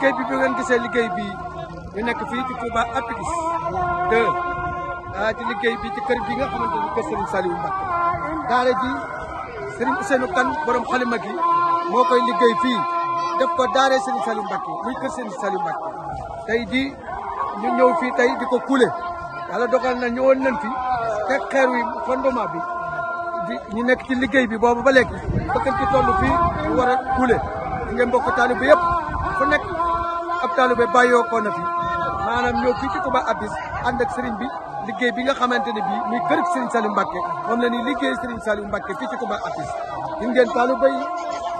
liggéey bi bu ngeen gisee liggéey bi ñu nekk fii ci Touba Apix 2 ah liggéey bi ci kër gi nga xamante ni kër Serigne Saliou Mbacké daara ji Serigne Ousseynou Kane borom xalima gi moo koy liggéey fii def ko daara Serigne Saliou Mbacké muy kër Serigne Saliou Mbacké tey jii ñu ñëw fii tey di ko kuule yàlla dogal na ñëwoon nañ fi teg xeer wi fondement bi di ñu nekk ci liggéey bi boobu ba léegi bëgg ci toll fi war a kuule ngeen mbokk taalibe bi yëpp fu nekk. ab taalibe bàyyoo ko na fi maanaam ñëw fii ci Touba Abyss ànd ak bi liggéey bi nga xamante ne bii muy kër sëriñ Saliou Mbacké moom na ñuy liggéey sëriñ Saliou Mbacké fii ci Touba Abyss gis ngeen yi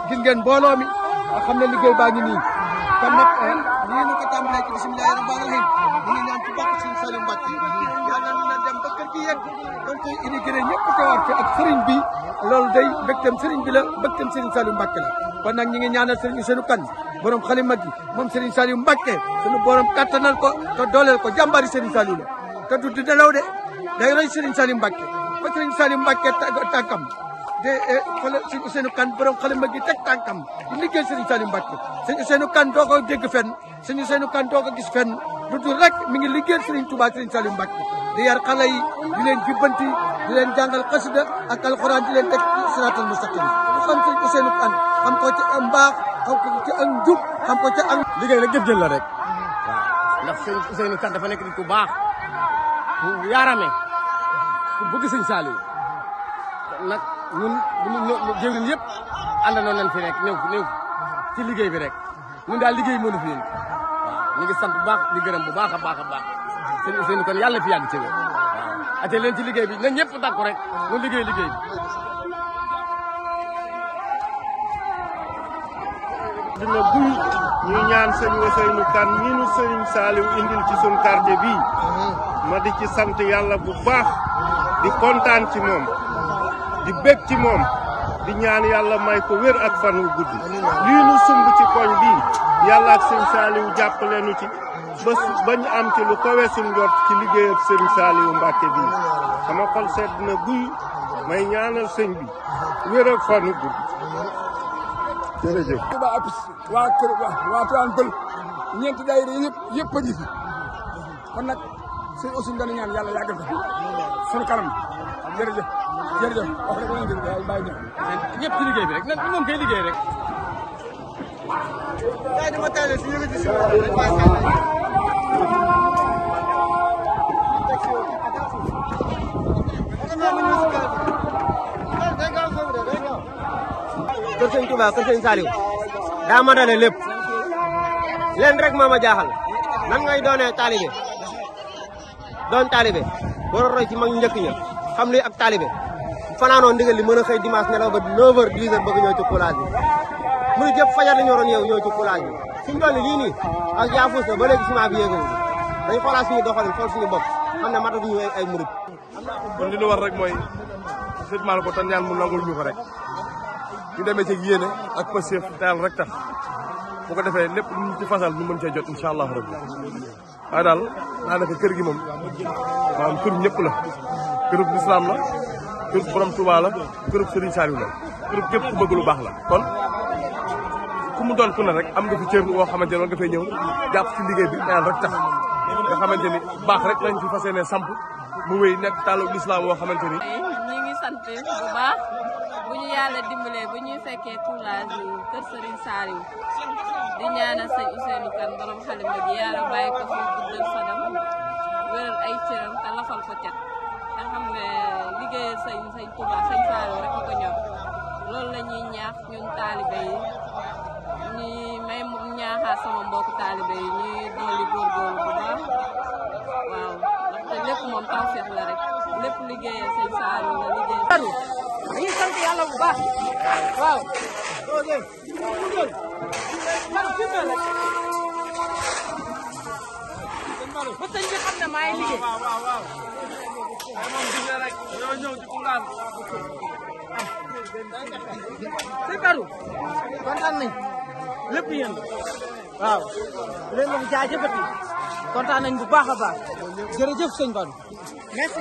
gis ngeen mbooloo mi nga xam ne liggéey baa ngi nii kon nag lii ah, ñu ko tàmbalee ci bisimilah rahmaani rahim ñu ngi ñaan ci bàq suñu Saliou Mbacke yàlla na dem bi loolu day bëgtam sëriñ bi la bëgtam sëriñ Saliou Mbacke la kon nag ñi ngi ñaanal sëriñ Ousseynou Kane borom xalima gi moom sëriñ Saliou Mbacke suñu borom kattanal ko te dooleel ko jàmbaari sëriñ Saliou la te du du dalaw de day roy sëriñ Saliou Mbacke ba sëriñ Saliou Mbacke tàggam de eh, xoolal sëñ Ousseynou Kane borom xale mag yi teg tànkam di liggéey sëriñ Saliou Mbacke sëñ Ousseynou Kane doo ko dégg fenn sëñ Ousseynou Kane doo ko gis fenn lu dul rek mi ngi liggéey sëriñ Touba sëriñ Saliou Mbacke di yar xale yi di leen jubbanti di leen jàngal xasida ak alxuraan di leen teg siraatal mustaqim ku xam sëñ Ousseynou Kane xam ko ci am mbaax xam ko ci am njub xam ko ci am liggéey nag jëf la rek waaw ndax sëñ Ousseynou Kane dafa ne nit ku baax ku yaarame ku bëgg sëñ ñun jëwriñ yëpp àndandoo nañ fi rek néew néew ci liggéey bi rek ñun daal liggéey mënu fi yéen waaw ñu ngi sant bu baax di gërëm bu baax a baax a kon yàlla fi yàgg ci ate leen ci liggéey bi na ñëpp dàkku rek ñu liggéey liggéey bi dina ñaan sëñ Ousseynou Kane ñi nu sëñ Saliou indil ci suñ quartier bii ma di ci sant yàlla bu baax di kontaan ci moom di bég ci moom di ñaan yàlla may ko wér ak fan wu gudd lii nu sumb ci koñ bii yàlla ak sëñ Saaliwu ci ba bañ am ci lu kawe suñ ci liggéey ak sëñ Saaliwu Mbàkke bii sama xol sedd na guy may ñaanal sëñ bi wér ak fan wu gudd jërëjëf ba apis waa kër waa Tivaouane Peulh ñeenti daayira yëpp yëpp a ji fi kon nag sëñ aussi dana yàlla kanam jërëjëf wax dëgg yàlla daal bàyyi ñëw. liggéey bi rek leen rek moo ma jaaxal nan ngay doonee taalibe doon taalibe war a ci mag njëkk luy ak taalibe fanaanoo ndigal li mën a xëy dimanche nelaw ba 9h 10h bëgg ñëw ci coulage jëpp fajar la ñu waroon yow ñëw ci coulage bi suñu doon ak yaafuus na ba léegi ciment bi yéegal dañ xoolaat suñu doxalin xool suñu bopp xam ne matatu ñu ay murit kon li ñu war rek mooy sëñ Maal ko tan ñaan mu nangul ñu ko rek ñu demee ci yéene ak pasif daal rek tax bu ko defee lépp lu ñu ci fasal ñu mën cee jot incha allah rabbi waaye daal daanaka kër gi moom maanaam kër ñëpp la kërub lislaam kër borom Touba la kër Serigne Saliou la kër képp ku bëgg lu baax kon ku doon ku ne rek am nga fi cër woo xamante ne war nga fay ñëw jàpp ci bi naan rek tax nga xamante ni baax rek lañ fi fas yéene samp mu wéy nekk taalu lislaam woo xamante ni. ñi sant bu baax bu ñu yàlla dimbalee bu ñuy fekkee tournage yu kër Serigne Saliou di ñaanal sëñ Ousseynou Kane borom xale bi yàlla bàyyi ko fi guddal fanam wéral ay cëram te lafal ko cat. xam ne liggéeyal sëñ sëñ Touba sëñ Fallou rek ko ñor loolu la ñaax ñun taalibe yi ñi may ñaaxaat sama mbokku taalibe yi ñuy dolli góorgóorlu bu baax waaw ndaxte lépp moom la rek lépp liggéeyal sëñ Fallou la liggéeyal. dañuy sant yàlla bu baax waaw. ba sëñ bi xam ne maa ngi moom gis nga rek ñoo ñëw ci Koungheul. sëñ Badou. kontaan nañ lépp yéen waaw léegi moom jaajëfati kontaan nañ bu baax a baax jërëjëf sëñ Badou merci.